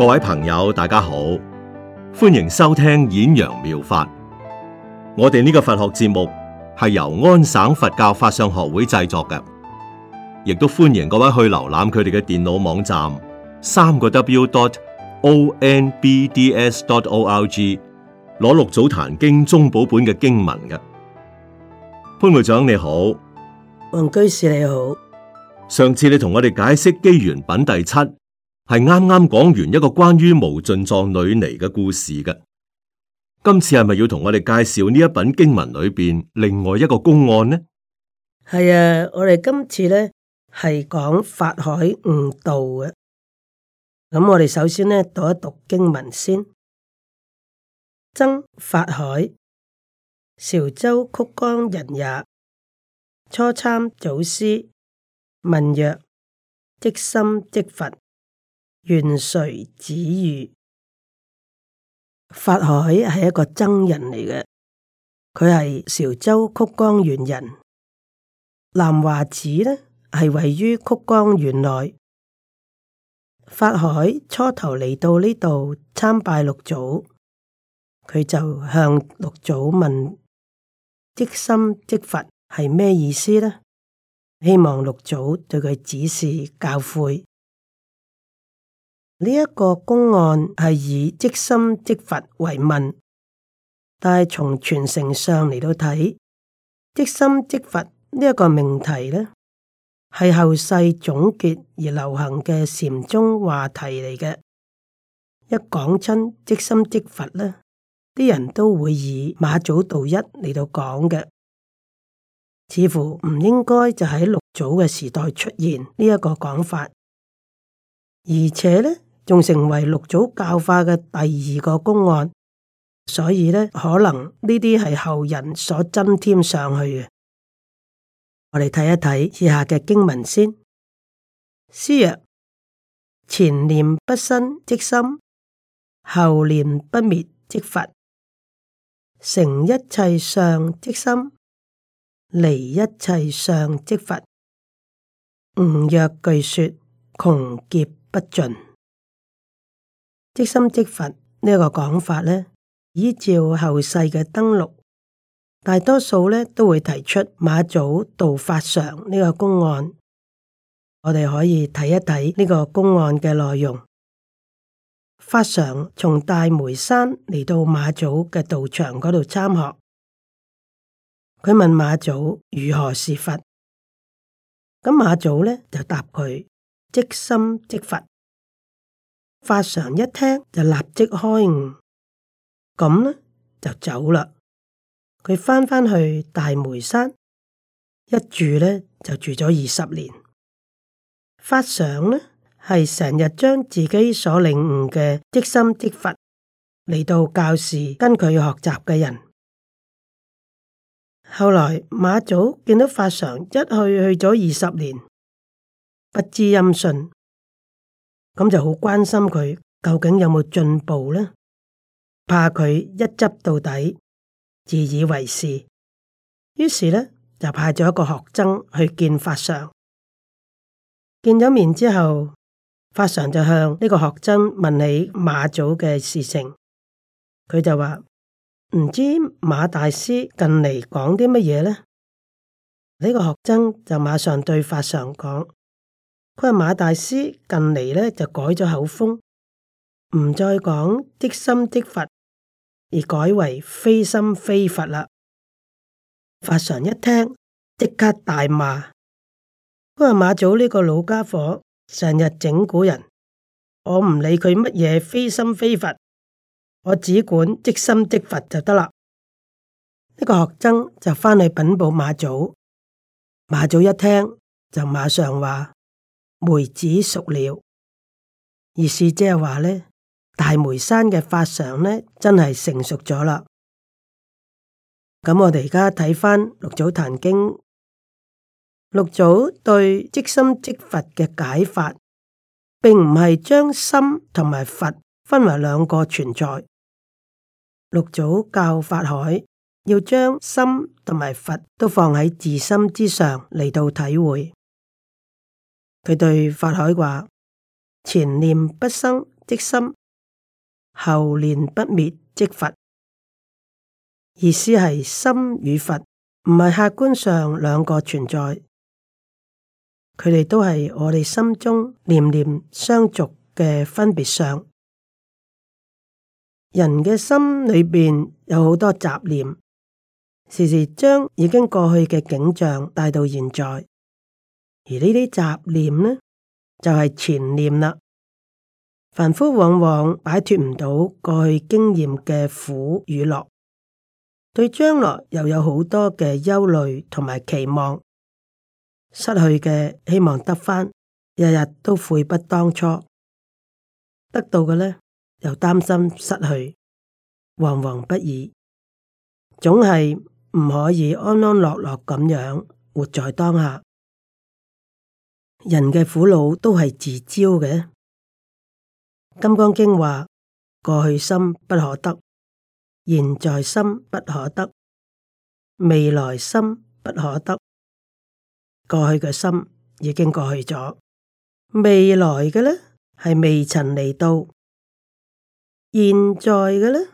各位朋友，大家好，歡迎收聽演揚妙、妙法。我哋呢個佛學節目係由安省佛教法相學會製作嘅，亦都歡迎各位去瀏覽佢哋嘅電腦網站三個 W dot O N B D S dot O R G，攞六祖壇經中寶本嘅經文嘅。潘會長你好，黃居士你好。上次你同我哋解釋機緣品第七。係啱啱講完一個關於無盡藏女尼嘅故事嘅，今次係咪要同我哋介紹呢一品經文裏邊另外一個公案呢？係啊，我哋今次咧係講法海悟道嘅，咁我哋首先呢讀一讀經文先。曾法海，潮州曲江人也，初參祖師，問曰：即心即佛。圓垂子如法海係一個僧人嚟嘅，佢係潮州曲江縣人。南華寺呢係位於曲江縣內。法海初頭嚟到呢度參拜六祖，佢就向六祖問即心即佛係咩意思呢？希望六祖對佢指示教誨。呢一個公案係以即心即佛為問，但係從傳承上嚟到睇，即心即佛呢一個命題呢，係後世總結而流行嘅禪宗話題嚟嘅。一講親即心即佛呢，啲人都會以馬祖道一嚟到講嘅，似乎唔應該就喺六祖嘅時代出現呢一個講法，而且呢。仲成為六祖教化嘅第二個公案，所以呢，可能呢啲係後人所增添上去嘅。我哋睇一睇以下嘅經文先。師曰：前念不生即心，後念不滅即佛。成一切相即心，離一切相即佛。吾若具說，窮劫不盡。即心即佛呢，這個講法呢，依照後世嘅燈錄，大多數呢都會提出馬祖道法常呢個公案。我哋可以睇一睇呢個公案嘅內容。法常從大梅山嚟到馬祖嘅道場嗰度參學，佢問馬祖如何是佛？咁馬祖呢，就答佢即心即佛。法常一聽就立即開悟，咁呢，就走啦。佢翻返去大梅山一住呢，就住咗二十年。法常呢，係成日將自己所領悟嘅即心即佛嚟到教士跟佢學習嘅人。後來馬祖見到法常一去去咗二十年，不知音訊。咁就好關心佢究竟有冇進步呢？怕佢一執到底，自以為是。於是呢，就派咗一個學僧去見法常，見咗面之後，法常就向呢個學僧問起馬祖嘅事情。佢就話，唔知馬大師近嚟講啲乜嘢呢？這」呢個學僧就馬上對法常講。佢話馬大師近嚟咧就改咗口風，唔再講即心即佛，而改為非心非佛啦。法常一聽，即刻大罵。佢話馬祖呢個老家伙成日整蠱人，我唔理佢乜嘢非心非佛，我只管即心即佛就得啦。呢個學僧就翻去稟報馬祖，馬祖一聽就馬上話。梅子熟了，意思即係話呢，大梅山嘅法常呢，真係成熟咗啦。咁我哋而家睇翻六祖壇經，六祖對即心即佛嘅解法，並唔係將心同埋佛分為兩個存在。六祖教法海要將心同埋佛都放喺自心之上嚟到體會。佢對法海話：前念不生即心，後念不滅即佛。意思係心與佛唔係客觀上兩個存在，佢哋都係我哋心中念念相續嘅分別相。人嘅心裏邊有好多雜念，時時將已經過去嘅景象帶到現在。而呢啲雜念呢，就係前念啦。凡夫往往擺脫唔到過去經驗嘅苦與樂，對將來又有好多嘅憂慮同埋期望，失去嘅希望得翻，日日都悔不當初；得到嘅呢，又擔心失去，惶惶不已，總係唔可以安安樂樂咁樣活在當下。人嘅苦惱都係自招嘅。金剛經話：過去心不可得，現在心不可得，未來心不可得。過去嘅心已經過去咗，未來嘅呢係未曾嚟到現在嘅呢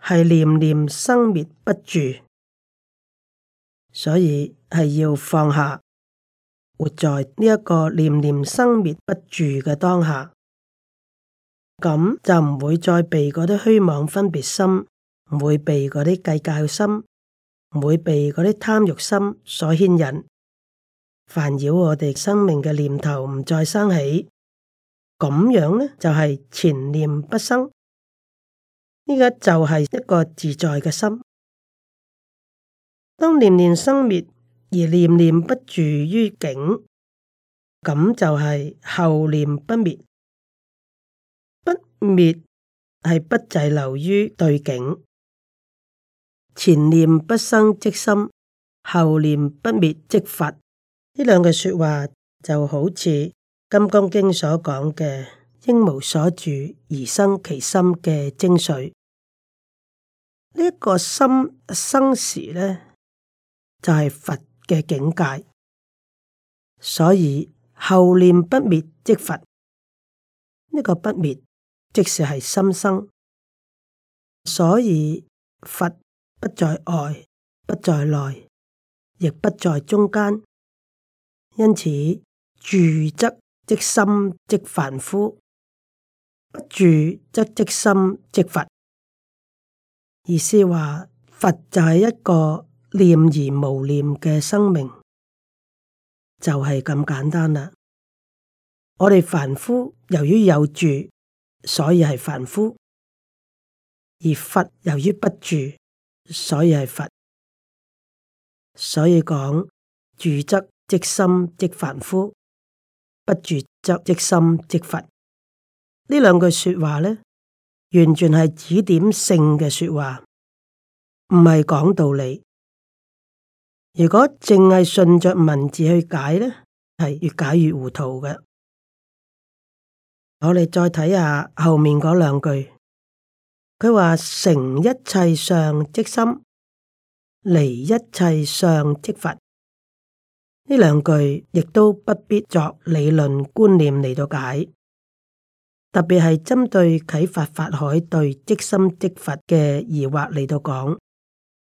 係念念生滅不住，所以係要放下。活在呢一個念念生滅不住嘅當下，咁就唔會再被嗰啲虛妄分別心，唔會被嗰啲計較心，唔會被嗰啲貪欲心所牽引，煩擾我哋生命嘅念頭唔再生起，咁樣呢，就係前念不生，呢個就係一個自在嘅心，當念念生滅。而念念不住於境，咁就係後念不滅，不滅係不滯留於對境。前念不生即心，後念不滅即佛。呢兩句說話就好似《金剛經》所講嘅，應無所住而生其心嘅精髓。呢一個心生時呢，就係佛。嘅境界，所以後念不滅即佛，呢、這個不滅即是係心生。所以佛不在外，不在內，亦不在中間。因此住則即心即凡夫，不住則即心即佛。意思話佛就係一個。念而無念嘅生命就係咁簡單啦。我哋凡夫由於有住，所以係凡夫；而佛由於不住，所以係佛。所以講住則即心即凡夫，不住則即心即佛。呢兩句說話咧，完全係指點性嘅說話，唔係講道理。如果淨係順着文字去解呢，係越解越糊塗嘅。我哋再睇下後面嗰兩句，佢話，成一切相即心，離一切相即佛。呢兩句亦都不必作理論觀念嚟到解，特別係針對啟發法海對即心即佛嘅疑惑嚟到講，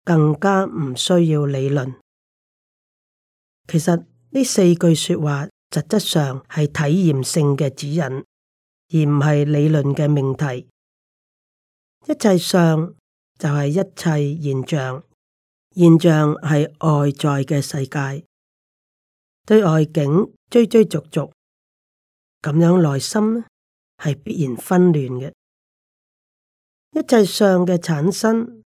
更加唔需要理論。其實呢四句說話實質上係體驗性嘅指引，而唔係理論嘅命題。一切相就係一切現象，現象係外在嘅世界，對外境追追逐逐，咁樣內心呢係必然紛亂嘅。一切相嘅產生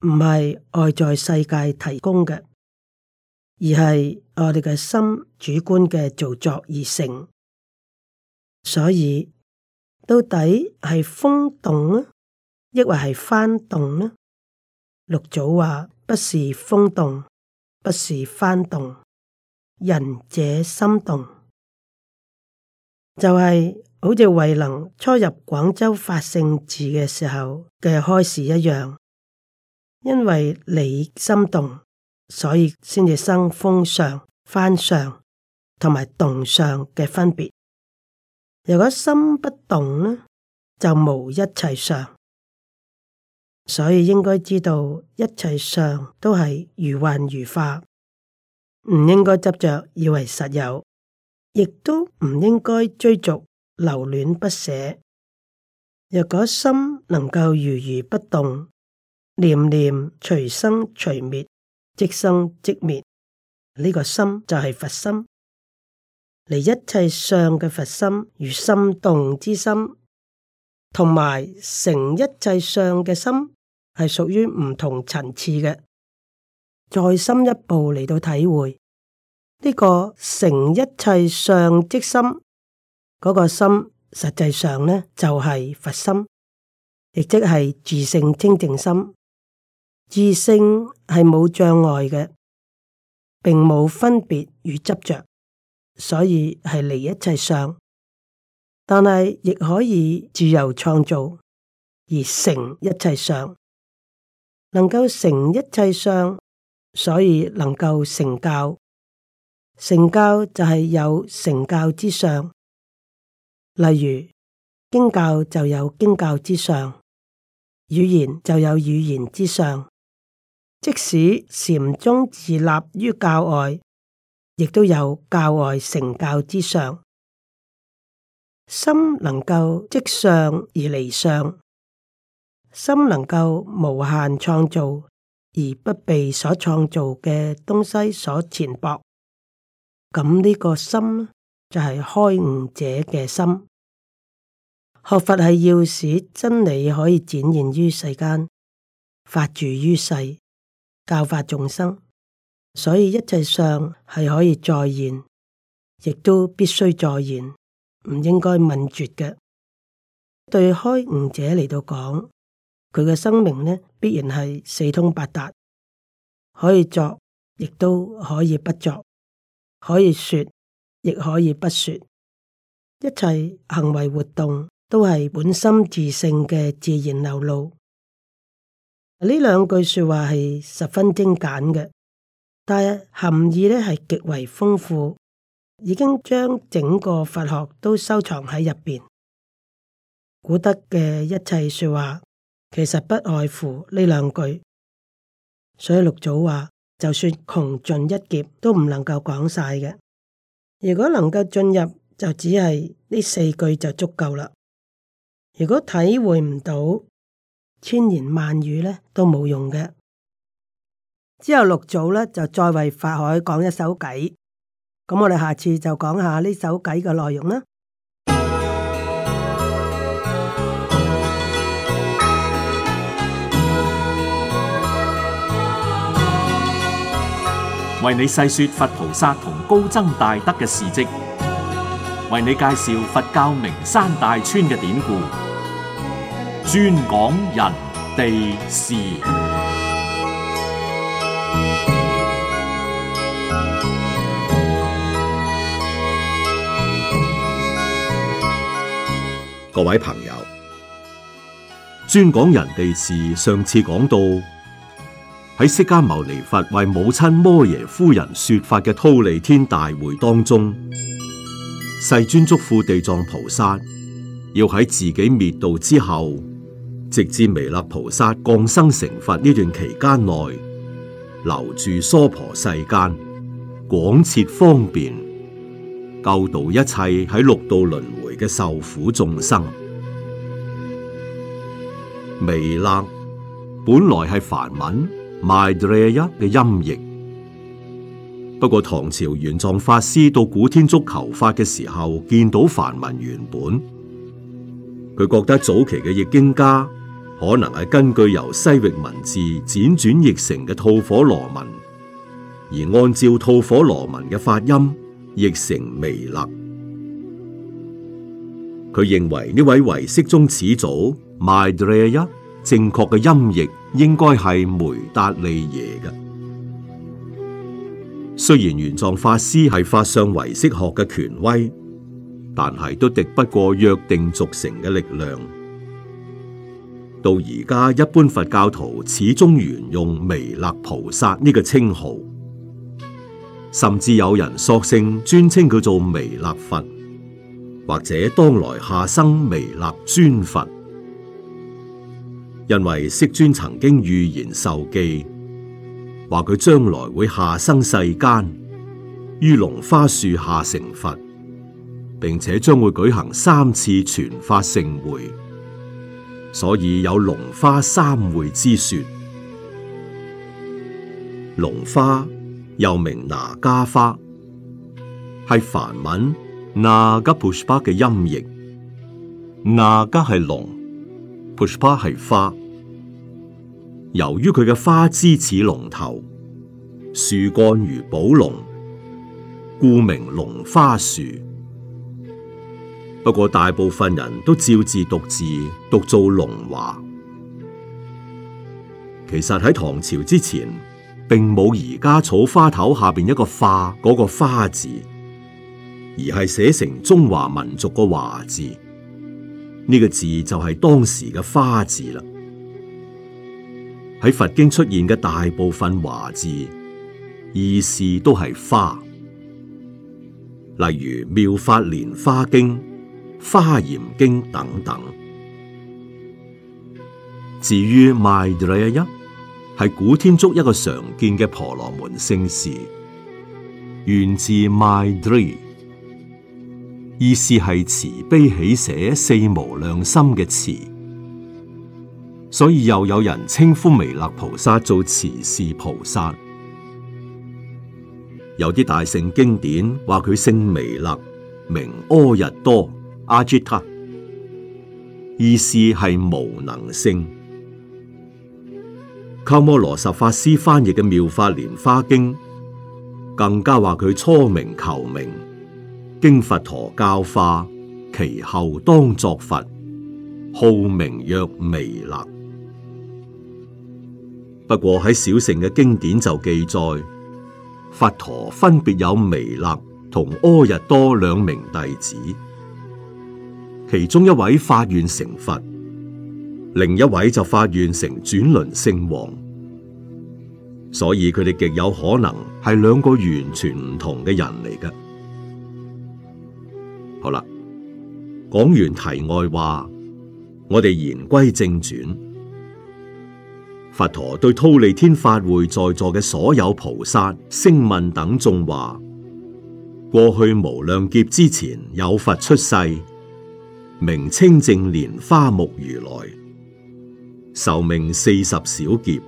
唔係外在世界提供嘅。而係我哋嘅心主觀嘅造作而成，所以到底係風動啊，抑或係翻動呢？六祖話：不是風動，不是翻動，仁者心動，就係、是、好似慧能初入廣州法性寺嘅時候嘅開示一樣，因為你心動。所以先至生風相、幡相同埋動相嘅分別。如果心不動呢，就無一切相。所以應該知道一切相都係如幻如化，唔應該執着以為實有，亦都唔應該追逐留戀不捨。若果心能夠如如不動，念念隨生隨滅。即生即滅，呢、這個心就係佛心嚟，一切相嘅佛心如心動之心，同埋成一切相嘅心係屬於唔同層次嘅。再深一步嚟到體會呢、這個成一切相即心嗰、那個心，實際上呢，就係、是、佛心，亦即係自性清淨心。智性係冇障礙嘅，並冇分別與執着，所以係離一切相。但係亦可以自由創造而成一切相，能夠成一切相，所以能夠成教。成教就係有成教之相，例如經教就有經教之相，語言就有語言之相。即使禪宗自立於教外，亦都有教外成教之相。心能夠即相而離相，心能夠無限創造而不被所創造嘅東西所纏縛。咁呢個心就係開悟者嘅心。學佛係要使真理可以展現於世間，法住於世。教化眾生，所以一切上係可以再現，亦都必須再現，唔應該泯絕嘅。對開悟者嚟到講，佢嘅生命呢，必然係四通八達，可以作，亦都可以不作，可以說，亦可以不說，一切行為活動都係本心自性嘅自然流露。呢兩句說話係十分精簡嘅，但係含義咧係極為豐富，已經將整個佛學都收藏喺入邊。古德嘅一切說話，其實不外乎呢兩句。所以六祖話，就算窮盡一劫都唔能夠講晒嘅。如果能夠進入，就只係呢四句就足夠啦。如果體會唔到，千言萬語咧都冇用嘅，之後六祖咧就再為法海講一首偈。咁我哋下次就講下呢首偈嘅內容啦。為你細說佛菩薩同高僧大德嘅事跡，為你介紹佛教名山大川嘅典故，專講人地事，各位朋友，專講人地事。上次講到喺釋迦牟尼佛為母親摩耶夫人說法嘅忉利天大會當中，世尊囑咐地藏菩薩要喺自己滅度之後。直至彌勒菩薩降生成佛呢段期間內，留住娑婆世間，廣設方便，救度一切喺六道輪迴嘅受苦眾生。彌勒本來係梵文 Maitreya 嘅音譯，不過唐朝玄奘法師到古天竺求法嘅時候，見到梵文原本，佢覺得早期嘅譯經家，可能係根據由西域文字輾轉譯成嘅吐火羅文，而按照吐火羅文嘅發音譯成彌勒。佢認為呢位唯識宗始祖麥德耶一正確嘅音譯應該係梅達利耶嘅。雖然玄奘法師係法相唯識學嘅權威，但係都敵不過約定俗成嘅力量。到而家，一般佛教徒始終沿用彌勒菩薩呢個稱號，甚至有人索性專稱佢做彌勒佛，或者當來下生彌勒尊佛，因為釋尊曾經預言授記，話佢將來會下生世間，於龍花樹下成佛，並且將會舉行三次傳法盛會。所以有龍花三會之說。龍花又名拿加花，係梵文拿加 pushpa 嘅音譯。拿加係龍，pushpa 係花。由於佢嘅花枝似龍頭，樹幹如寶龍，故名龍花樹。不過大部分人都照字讀字，讀做“龍華”。其實喺唐朝之前，並冇而家草花頭下邊一個“花”嗰個“花”字，而係寫成中華民族個“華”字。呢個字就係當時嘅“花”字啦。喺佛經出現嘅大部分“華”字，意思都係花，例如《妙法蓮花經》。華嚴經等等，至於 myri 一係古天竺一個常見嘅婆羅門姓氏，源自 myri，意思係慈悲喜捨四無量心嘅慈，所以又有人稱呼彌勒菩薩做慈氏菩薩。有啲大乘經典話佢姓彌勒，名阿逸多。阿朱塔，ita，意思係無能勝。鳩摩羅什法師翻譯嘅《妙法蓮花經》，更加話佢初名求名，經佛陀教化，其後當作佛，號名曰彌勒。不過喺小乘嘅經典就記載，佛陀分別有彌勒同阿逸多兩名弟子。其中一位發願成佛，另一位就發願成轉輪聖王，所以佢哋極有可能係兩個完全唔同嘅人嚟嘅。好啦，講完題外話，我哋言歸正傳。佛陀對忉利天法會在座嘅所有菩薩、聲聞等眾話：過去無量劫之前，有佛出世。名清淨蓮花木如來壽命四十小劫，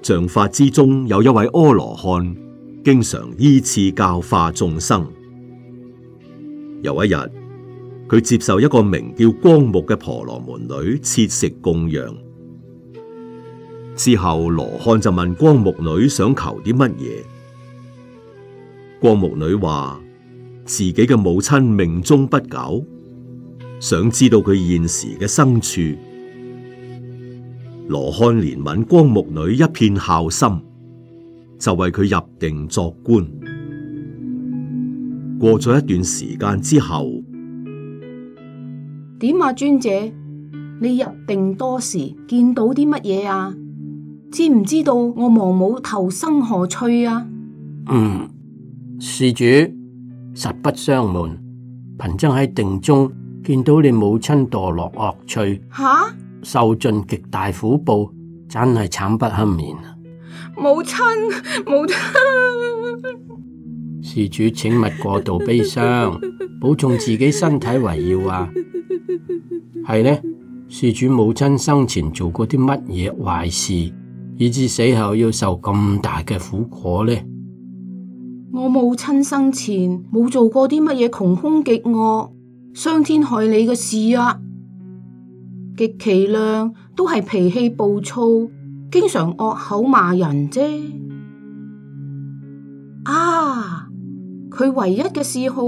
像法之中有一位阿羅漢，經常依次教化眾生。有一日，佢接受一個名叫光目嘅婆羅門女切食供養之後，羅漢就問光目女想求啲乜嘢？光目女話：自己嘅母親命終不久。想知道佢現時嘅生處，羅漢憐憫光目女一片孝心，就為佢入定作觀。過咗一段時間之後，點啊尊者，你入定多時見到啲乜嘢啊？知唔知道我亡母投生何趣啊？嗯，事主實不相瞞，貧僧喺定中。見到你母親墮落惡趣，吓、啊、受盡極大苦報，真係慘不堪言啊！母親，母親，事主請勿過度悲傷， 保重自己身體為要啊！係呢，事主母親生前做過啲乜嘢壞事，以致死後要受咁大嘅苦果呢？我母親生前冇做過啲乜嘢窮凶極惡。傷天害理嘅事啊，極其量都係脾氣暴躁，經常惡口罵人啫。啊，佢唯一嘅嗜好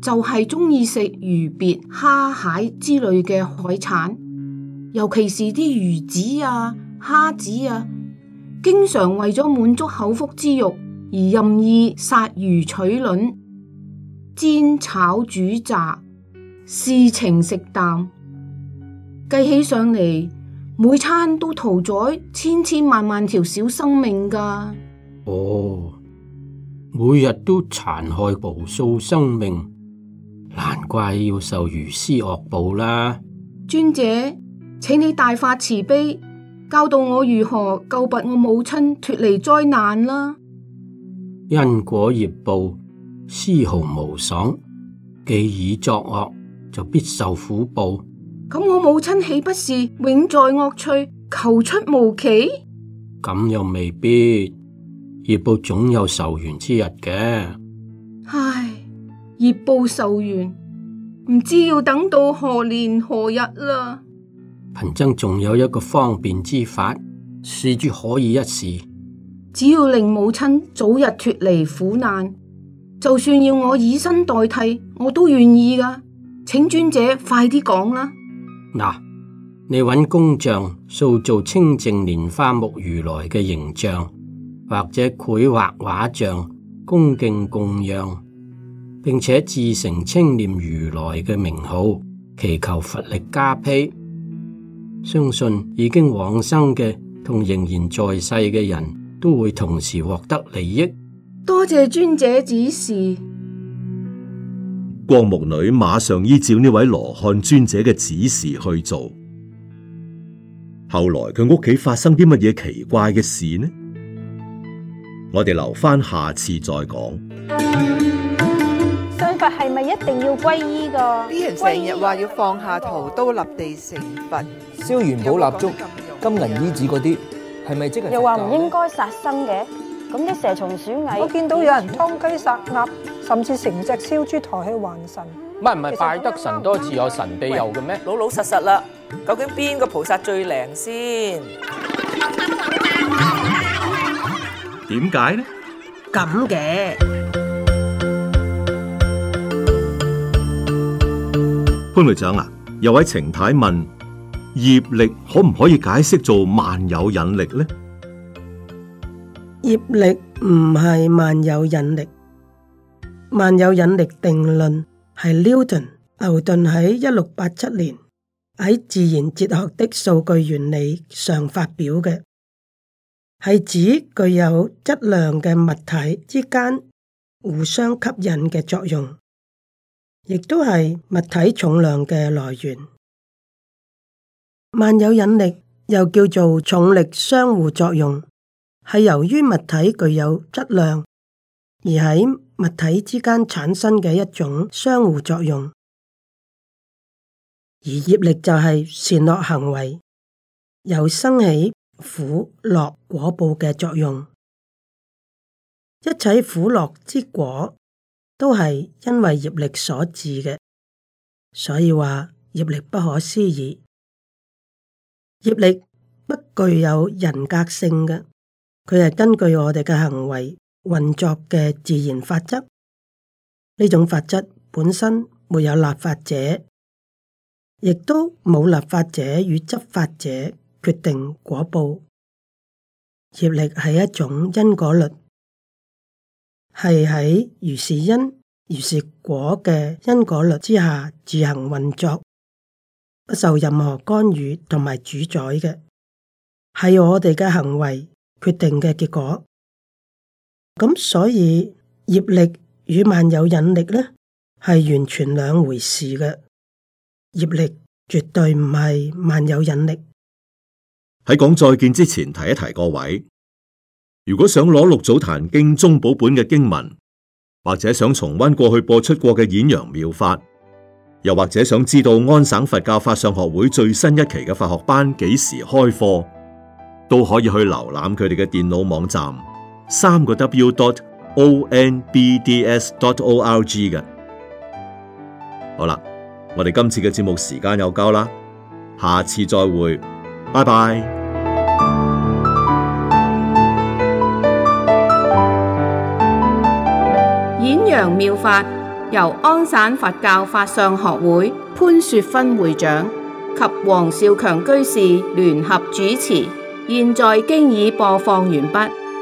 就係鍾意食魚鱉蝦、蟹之類嘅海產，尤其是啲魚子啊、蝦子啊，經常為咗滿足口腹之欲而任意殺魚取卵，煎炒煮炸。事情食淡，計起上嚟，每餐都屠宰千千萬萬條小生命噶。哦，每日都殘害無數生命，難怪要受如斯惡報啦！尊者，請你大發慈悲，教導我如何救拔我母親脫離災難啦！因果業報，絲毫無爽，既已作惡。就必受苦報，咁我母親豈不是永在惡趣，求出無期？咁又未必，業報總有受完之日嘅。唉，業報受完，唔知要等到何年何日啦。貧僧仲有一個方便之法，施主可以一試。只要令母親早日脫離苦難，就算要我以身代替，我都願意㗎。請尊者快啲講啦！嗱、啊，你搵工匠塑造清淨蓮花目如來嘅形象，或者繪畫畫像，恭敬供養，並且自成清念如來嘅名號，祈求佛力加披。相信已經往生嘅同仍然在世嘅人，都會同時獲得利益。多謝尊者指示。光目女馬上依照呢位羅漢尊者嘅指示去做。後來佢屋企發生啲乜嘢奇怪嘅事呢？我哋留翻下,下次再講。信佛係咪一定要皈依㗎？啲人成日話要放下屠刀立地成佛，燒元寶蠟燭、金銀衣紙嗰啲，係咪即係？又話唔應該殺生嘅，咁啲、嗯、蛇蟲鼠蟻，我見到有人殺雞殺鴨。甚至成隻燒豬抬起還神，唔係唔係拜得神多自有神庇佑嘅咩？老老實實啦，究竟邊個菩薩最靈先？點解呢？咁嘅潘隊長啊，有位程太問：業力可唔可以解釋做萬有引力呢？業力唔係萬有引力。萬有引力定論係牛頓，牛頓喺一六八七年喺《自然哲學的數據原理》上發表嘅，係指具有質量嘅物體之間互相吸引嘅作用，亦都係物體重量嘅來源。萬有引力又叫做重力相互作用，係由於物體具有質量而喺，物體之間產生嘅一種相互作用，而業力就係善惡行為又生起苦樂果報嘅作用。一切苦樂之果都係因為業力所致嘅，所以話業力不可思議。業力不具有人格性嘅，佢係根據我哋嘅行為。運作嘅自然法則，呢種法則本身沒有立法者，亦都冇立法者與執法者決定果報。業力係一種因果律，係喺如是因，如是果嘅因果律之下自行運作，不受任何干預同埋主宰嘅，係我哋嘅行為決定嘅結果。咁所以業力與萬有引力咧係完全兩回事嘅，業力絕對唔係萬有引力。喺講再見之前，提一提各位，如果想攞六祖壇經宗寶本嘅經文，或者想重溫過去播出過嘅演揚妙法，又或者想知道安省佛教法相學會最新一期嘅法學班幾時開課，都可以去瀏覽佢哋嘅電腦網站。三個 W dot O N B D S dot O R G 嘅好啦，我哋今次嘅節目時間又夠啦，下次再會，拜拜。演揚妙法由安省佛教法相學會潘雪芬會長及黃少強居士聯合主持，現在經已播放完畢。